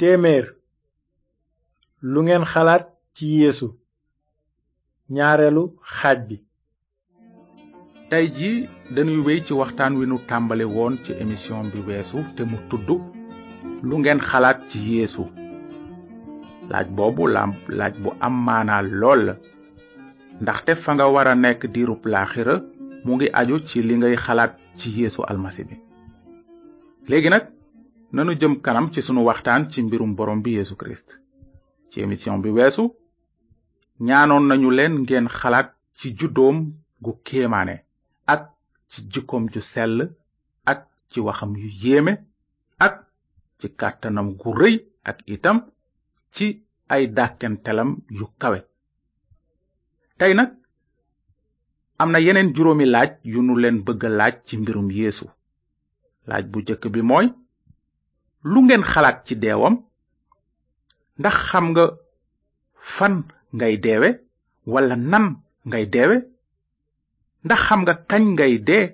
téeméer lu ngeen xalaat ci yéesu ñaareelu xaaj bi tey ji dañuy wéy ci waxtaan wi nu tàmbali woon ci émission bi weesu te mu tudd lu ngeen xalaat ci yéesu laaj boobu làmp laaj bu am maanaa lool la ndaxte fa nga war a nekk diirub laaxira mu ngi aju ci li ngay xalaat ci yeesu almasi bi léegi nag nanu jëm kanam ci sunu waxtaan ci mbirum borom bi Yesu Christ ci émission bi weesu ñaanoon nañu leen ngeen xalaat ci juddoom gu kéemaane ak ci jikkoom ju sell ak ci waxam yu yéeme ak ci kàttanam gu rëy ak itam ci ay dàkkentelam yu kawe tey nag am na yeneen juróomi laaj yu nu leen bëgg laaj ci mbirum yéesu laaj bu jëkk bi mooy lu ngeen xalaat ci deewam ndax xam nga fan ngay deewe wala nan ngay deewe ndax xam nga kañ ngay dee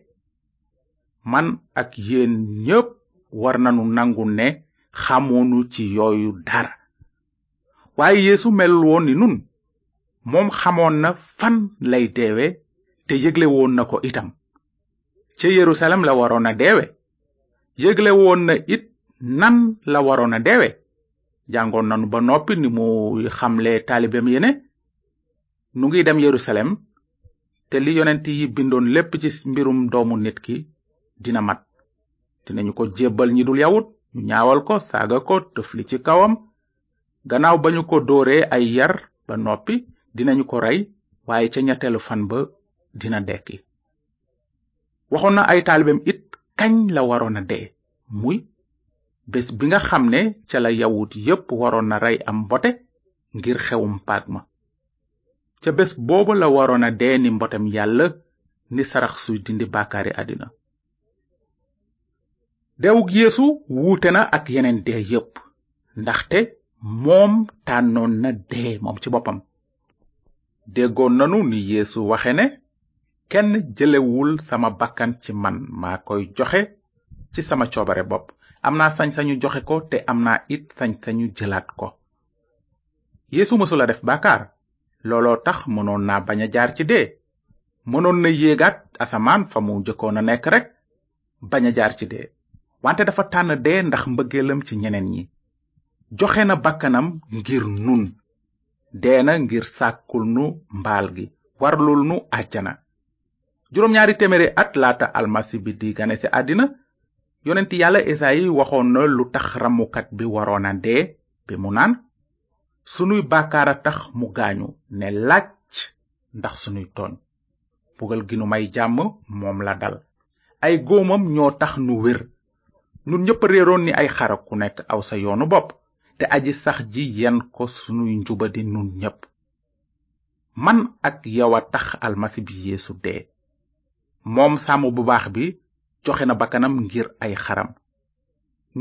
man ak yéen ñëpp war nanu nangu ne xamoonu ci yooyu dara waaye yeesu melul woon ni nun moom xamoon na fan lay deewe te yëgle woon na ko itam ca yerusalem la waroon a deewe yëgle woon na it nan la waroon a deewe jàngoon nanu ba noppi ni mu xamle taalibeem yi ne ngi dem yerusalem te li yonent yi bindoon lépp ci mbirum doomu nit ki dina mat dinañu ko jébbal ñi dul yawut ñu ko saaga ko tëfli ci kawam gannaaw ba ñu ko dóoree ay yar ba noppi dinañu ko rey waaye ca ñetteelu fan ba dina dekki waxoon na ay taalibeem it kañ la waroon a muy bés bi nga xam ne ca la yawut yépp waroon na rey am mbote ngir xewum ma ca bés boobu la waroon a dee ni yàlla ni sarax suy dindi bàkkaari àddina deewug yeesu wuute na ak yeneen dee yépp ndaxte moom tànnoon na dee moom ci boppam déggoon nanu ni yéesu waxe ne kenn jëlewul sama bakkan ci man maa koy joxe ci sama coobare bopp am naa sañ-sañu joxe ko te am na it sañ-sañu jëlaat ko yeesu mësula def bàkkaar looloo tax mënoon na bañ a jaar ci dee mënoon na yéegaat asamaan fa mu jëkkoon a nekk rek bañ a jaar ci dee wante dafa tànn dee ndax mbëggeelam ci ñeneen ñi joxe na bakkanam ngir nun dee na ngir sàkkul nu mbaal gi warlul nu àjjana juróom ñaari téeméeri at laata almasi bi di gane ci àddina yonent yàlla esayi waxoon na lu tax ramukat bi waroon a dee bi mu naan sunuy bàkkaar tax mu gaañu ne laaj ndax sunuy tooñ bugal gi nu may jàmm moom la dal ay góomam ñoo tax nu wér nun ñépp réeroon ni ay xara ku nekk aw sa yoonu bopp te aji sax ji yen ko sunuy njubadi nun ñépp man ak yow a tax almasi bi yeesu dee moom sàmm bu baax bi joxe na bakkanam ngir ay xaram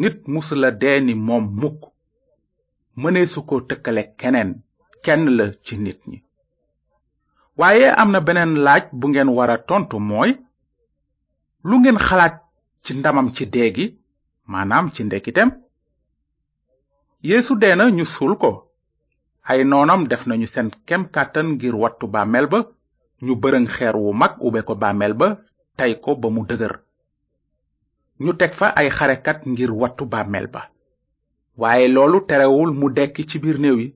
nit musula dee ni moom mukk mëneesu ko tëkkale keneen kenn la ci nit ñi waaye am na beneen laaj bu ngeen war a tontu mooy lu ngeen xalaat ci ndamam ci dee maanaam ci ndekkiteem yeesu dee na ñu suul ko ay noonam def nañu seen kem kàttan ngir wattu bàmmeel ba ñu bërëng xeer wu mag ube ko bàmmeel ba tey ko ba mu dëgër ñu teg fa ay xarekat ngir wattu bàmmeel ba waaye loolu terewul mu dekki ci biir néew yi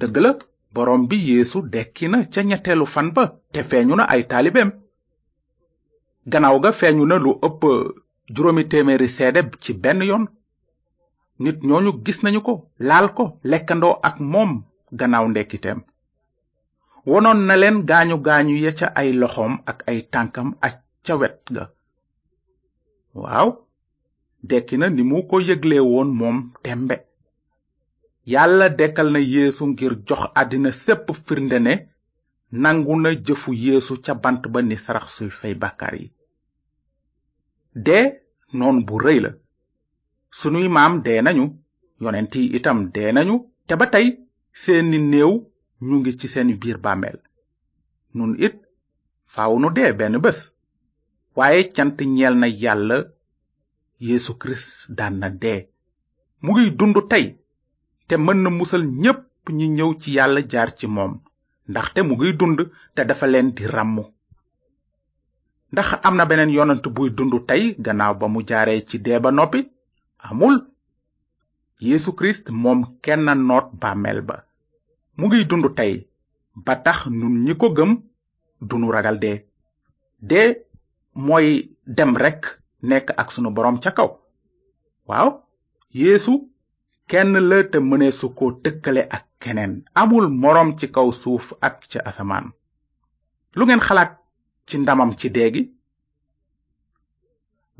dëgg la boroom bi yeesu dekki na ca ñetteelu fan ba te feeñu na ay taalibeem gannaaw ga feeñu na lu ëpp juróomi téeméeri seede ci benn yoon nit ñooñu gis nañu ko laal ko lekkandoo ak moom gannaaw ndekkiteem wonoon na leen gaañu gaañu ya ca ay loxoom ak ay tànkam ak ca wet ga waaw dekki na ni mu ko yëgle woon moom tembe yàlla dekkal na yéesu ngir jox àddina sépp firnde ne nangu na jëfu yéesu ca bant ba ni sarax suy fay bàkkaar yi dee noon bu rëy la sunuy maam dee nañu yonent yi itam dee nañu te ba tey seeni néew ñu ngi ci seen biir bàmmeel nun it faaw nu dee benn bés waaye cant ñeel na yàlla yeesu kirist daan na dee mu ngi dund tey te mën na musal ñépp ñi ñëw ci yàlla jaar ci moom ndaxte mu ngi dund te dafa leen di ràmm ndax am na beneen yonant dund tey gannaaw ba mu jaaree ci dee ba noppi amul yeesu kirist moom kenn noot bàmmeel ba mu ngi dund tey ba tax nun ñi ko gëm dunu ragal dee dee mooy dem rekk nekk ak sunu boroom ca kaw waaw yéesu kenn la te mëneesu ko tëkkale ak keneen amul moroom ci kaw suuf ak ca asamaan lu ngeen xalaat ci ndamam ci dee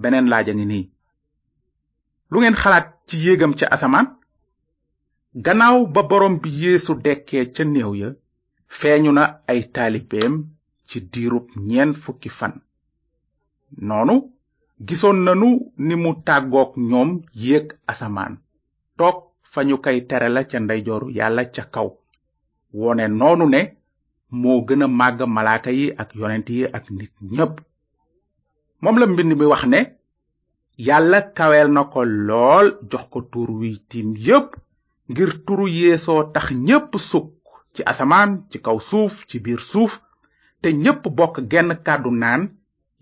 beneen laaja a ngi nii lu ngeen xalaat ci yéegam ca asamaan gannaaw ba boroom bi yéesu dekkee ca néew ya feeñu na ay taalibeem ci diirub ñeent fukki fan noonu gisoon nanu ni mu tàggook ñoom yéeg asamaan toog fa ñu kay tere la ca ndeyjooru yàlla ca kaw wone noonu ne moo gën a màgg malaaka yi ak yonent yi ak nit ñépp moom la mbind mi wax ne yàlla kaweel na ko lool jox ko tuur wi tiim yépp ngir turu yeesoo tax ñépp sukk ci asamaan ci kaw suuf ci biir suuf te ñépp bokk genn kàddu naan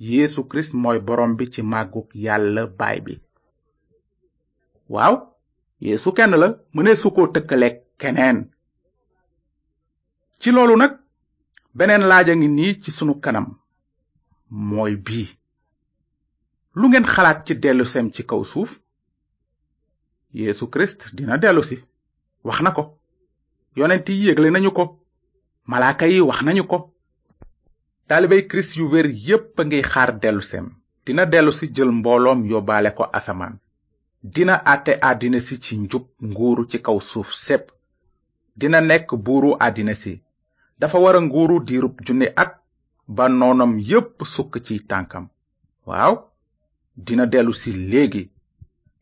yéesu kirist mooy borom bi ci màggug yàlla baay bi waaw yéesu kenn la mënee su ko tëkkaleeg keneen ci loolu nag beneen laaj a ngi nii ci sunu kanam mooy bii lu ngeen xalaat ci delluseem ci kaw suuf yéesu kirist dina dellusi wax na ko yonent yi yégle nañu ko malaaka yi wax nañu ko taalibey kirist yu wér yépp a ngi xaar delluseem dina dellusi jël mbooloom yóbbaale ko asamaan dina àtte àddina si ci njub nguuru ci kaw suuf sépp dina nekk buuru àddina si dafa wara nguuru diirub junni at ba noonam yépp sukk ci tànkam waaw dina dellusi léegi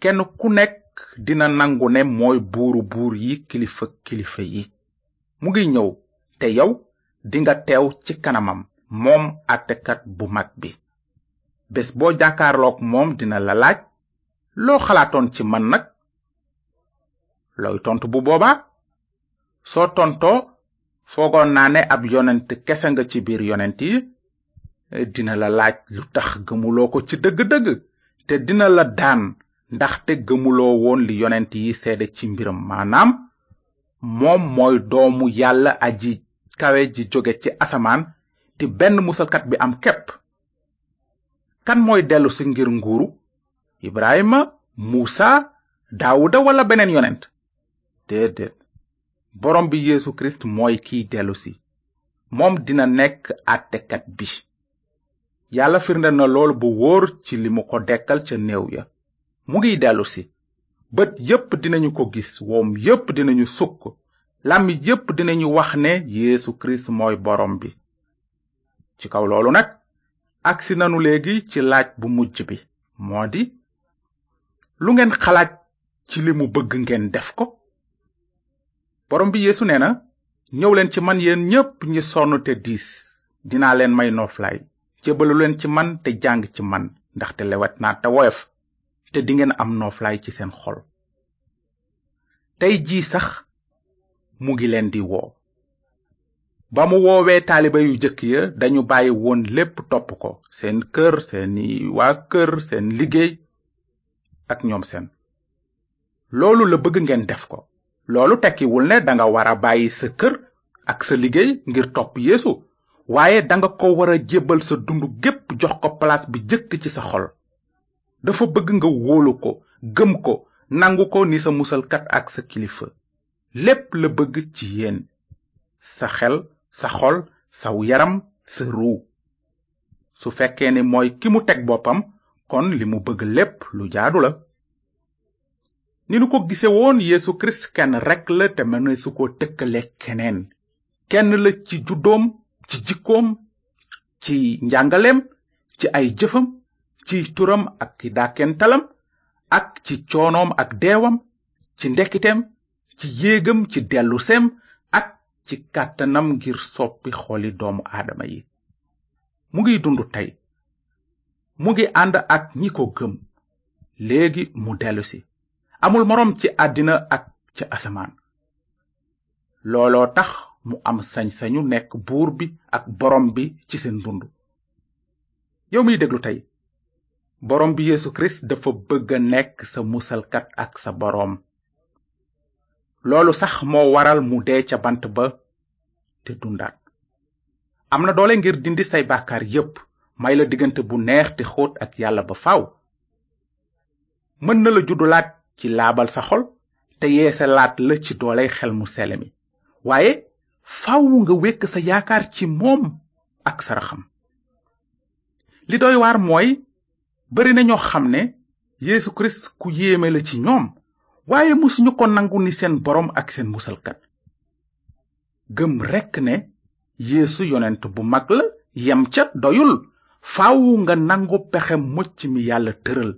kenn ku nekk dina nangu ne mooy buuru buur yi kilifa kilifa yi mu ngi ñëw te yow dinga teew ci kanamam moom àttekat bu mag bi bés boo jàkkaarloog moom dina la laaj loo xalaatoon ci man nag looy tontu bu boobaa soo tontoo foogoon naa ne ab yonent kese nga ci biir yonent yi dina la laaj lu tax gëmuloo ko ci dëgg-dëgg te dina la daan ndaxte gëmuloo woon li yonent yi seede ci mbiram maanaam moom mooy doomu yàlla aji kawe ji jóge ci asamaan te benn musalkat bi am képp kan mooy dellusi ngir nguuru ibrahima muusa daawuda wala beneen yonent déedéet borom bi yéesu kirist mooy kiy dellu moom dina nekk àttekat bi yàlla firnde na lool bu wóor ci li mu ko dekkal ca néew ya mu ngiy dellu si bët yépp dinañu ko gis woom yépp dinañu sukk làmmi yépp dinañu wax ne yeesu kirist mooy boroom bi ci kaw loolu nag agsi nanu léegi ci laaj bu mujj bi moo di lu ngeen xalaat ci li mu bëgg ngeen def ko borom bi yeesu nee na ñëw leen ci man yéen ñépp ngi sonn te diis dinaa leen may nooflaay jébalu leen ci man te jàng ci man ndaxte lewet naa te woyof te dingeen am nooflaay ci seen xol tey jii sax mu ngi leen di woo ba mu woowee taaliba yu jëkk ya dañu bàyyi woon lépp topp ko seen kër seeni waa kër seen liggéey ak ñoom seen loolu la bëgg ngeen def ko loolu tekkiwul ne danga war a bàyyi sa kër ak sa liggéey ngir topp yéesu waaye danga ko war a jébbal sa dund gépp jox ko palaas bi jëkk ci sa xol dafa bëgg nga wóolu ko gëm ko nangu ko ni sa musalkat ak sa kilifa lépp la bëgg ci yéen sa xel sa xol saw yaram sa ruu su fekkee ni mooy ki mu teg boppam kon li mu bëgg lépp lu jaadu la ni nu ko gise woon yeesu kirist kenn rekk la te mëne su ko tëkkale keneen kenn la ci juddoom ci jikkoom ci njàngaleem ci ay jëfam ci turam ak ci ak ci coonoom ak deewam ci ndekkiteem ci yéegam ci delluseem ci kàttanam ngir soppi xoli doomu aadama yi mu ngiy dund tey mu ngi ànd ak ñi ko gëm léegi mu dellusi amul moroom ci àddina ak ca asamaan looloo tax mu am sañ-sañu nekk buur bi ak boroom bi ci seen dund yow miy déglu tey borom bi yeesu kirist dafa bëgg a nekk sa musalkat ak sa boroom loolu sax moo waral mu dee ca bant ba te dundaat am na doole ngir dindi say bàkkaar yépp may la diggante bu neex te xóot ak yàlla ba faw mën na la juddulaat ci laabal sa xol te yeesalaat la ci dooley xel mu sele mi waaye faaw nga wékk sa yaakaar ci moom ak saraxam li doy waar mooy bari na ñoo xam ne yéesu Kirist ku yéeme la ci ñoom waaye musuñu ko nangu ni seen boroom ak seen musalkat gëm rekk ne yeesu yonent bu mag la yem ca doyul faw nga nangu pexe mucc mi yàlla tëral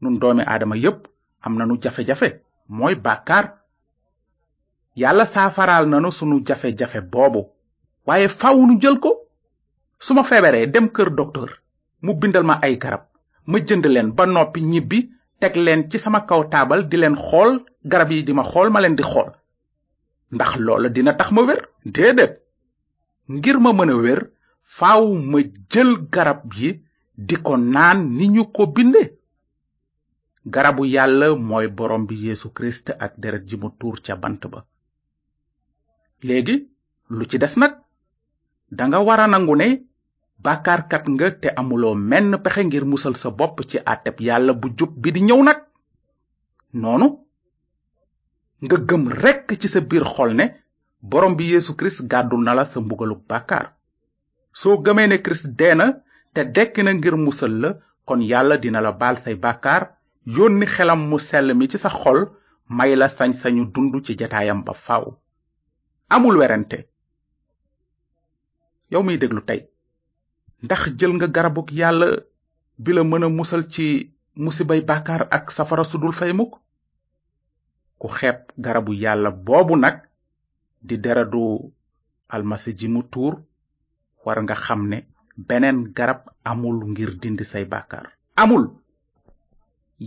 nun doomi aadama yépp am nanu jafe-jafe mooy bàkkaar yàlla saafaraal nanu sunu jafe-jafe boobu waaye faaw nu jël ko su ma feebaree dem kër docteur mu bindal ma ay garab ma jënd leen ba noppi ñibbi teg leen ci sama kaw taabal di leen xool garab yi di ma xool ma leen di xool ndax loola dina tax ma wér déedéet ngir ma mën a wér faaw ma jël garab yi di ko naan ni ñu ko binde garabu yàlla mooy borom bi Yesu Christ ak deret ji mu tuur ca bant ba léegi lu ci des nag danga war a nangu ne bàkkaarkat nga te amuloo menn pexe ngir musal sa bopp ci àtteb yàlla bu jub bi di ñëw nag noonu nga gëm rekk ci sa biir xol ne borom bi Yesu Kirist gàddu na la sa mbugaluk bàkkaar soo gëmee ne Kirist dee na te dekki na ngir musal la kon yàlla dina la baal say bàkkaar yónni xelam mu sell mi ci sa xol may la sañ-sañu dund ci jataayam ba faw amul werante yow mii déglu tey ndax jël nga garabug yàlla bila la mën a musal ci musibay bàkkaar ak safara sudul fay muk ku xeeb garabu yàlla boobu nag di deradu almasi ji mu tuur war nga xam ne beneen garab amul ngir dind say bàkkaar amul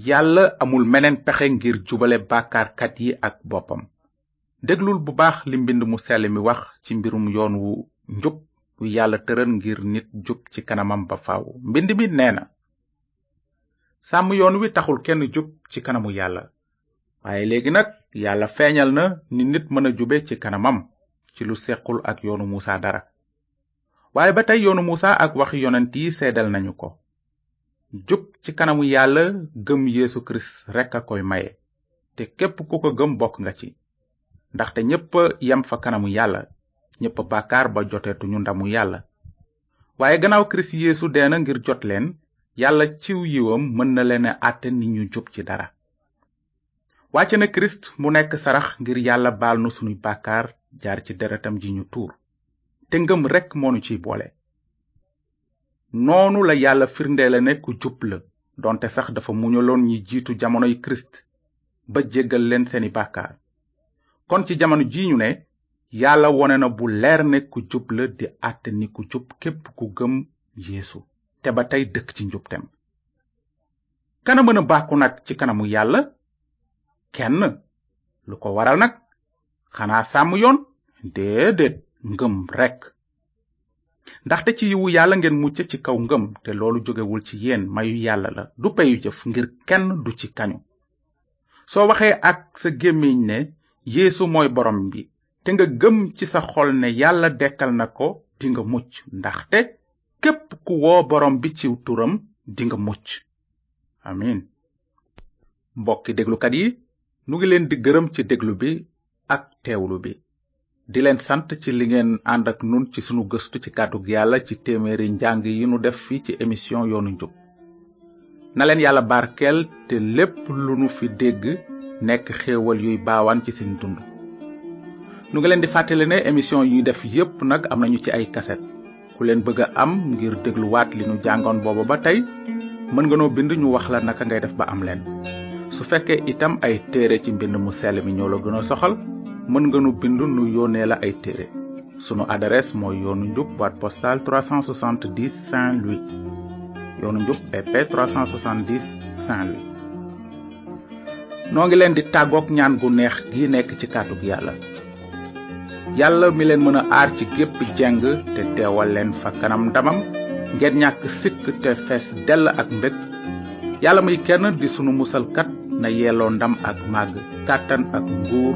yàlla amul meneen pexe ngir jubale bàkkaarkat yi ak boppam déglul bu baax li mbind mu sell mi wax ci mbirum yoon wu njub bu yàlla tëral ngir nit jub ci kanamam ba faw mbind mi nee na sàmm yoon wi taxul kenn jub ci kanamu yàlla waaye léegi nag yàlla feeñal na ni nit mën a jube ci kanamam ci lu sequl ak yoonu muusa dara waaye ba tey yoonu muusa ak wax yonent yi seddal nañu ko jub ci kanamu yàlla gëm yeesu kirist rekk a koy maye te képp ku ko gëm bokk nga ci ndaxte ñépp yem fa kanamu yàlla ñépp bàkkaar ba joteetuñu ndamu yàlla waaye gannaaw kirist yeesu deena ngir jot leen yàlla ciw yiwam mën na leen a àtte ni ñu jub ci dara wàcce na kirist mu nekk sarax ngir yàlla baal nu sunuy bàkkaar jaar ci deretam ji ñu tuur te ngëm rekk moonu ci boole noonu la yàlla firnde la ku jub la donte sax dafa muñaloon ñi jiitu jamonoy kirist ba jéggal leen seeni bàkkaar kon ci jamono ji ñu ne yàlla wone na bu leer ne ku jub la di àtte ni ku jub képp ku gëm yeesu te ba tey dëkk ci njubtem kana mën a bàkku nag ci kanamu yàlla kenn lu ko waral nag xanaa sàmm yoon déedéet ngëm rekk ndaxte ci yiwu yàlla ngeen mucc ci kaw ngëm te loolu jógewul ci yéen mayu yàlla la du peyu jëf ngir kenn du ci kañu soo waxee ak sa gémmiñ ne yéesu mooy borom bi te nga gëm ci sa xol ne yàlla dekkal na ko dinga mucc ndax te képp ku woo borom bi ciw turam dinga mucc amin mbokki déglukat yi nu ngi leen di gërëm ci déglu bi ak teewlu bi di leen sant ci li ngeen ànd ak nun ci sunu gëstu ci kàddug yàlla ci téeméeri njàng yi nu def fii ci émission yoonu njub na leen yàlla barkeel te lépp lu nu fi dégg nekk xéewal yuy baawaan ci seen dund nu ngi leen di fàttali ne émission yi ñu def yépp nag am nañu ci ay kaset ku leen bëgg a am ngir dégluwaat li ñu jàngoon boobu ba tey mën nga noo bind ñu wax la naka ngay def ba am leen su fekkee itam ay téere ci mbind mu sell mi ñoo la gën a soxal mën nga nu bind nu yónnee la ay téere sunu adresse mooy yoonu njub boîte postale 370 Saint-Louis yoonu njub BP e 370 Saint-Louis noo ngi leen di tàggoog ñaan gu neex gi nekk ci kàddug yàlla yàlla mi leen mën a aar ci gépp jeng te teewal leen fa kanam ndamam ngeen ñàkk sikk te fees dell ak mbég yàlla muy kenn di sunu musalkat na yelloo ndam ak màgg kàttan ak nguur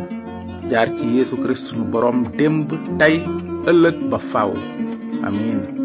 jaar ci yeesu kirist sunu boroom démb tey ëllëg ba faw amiin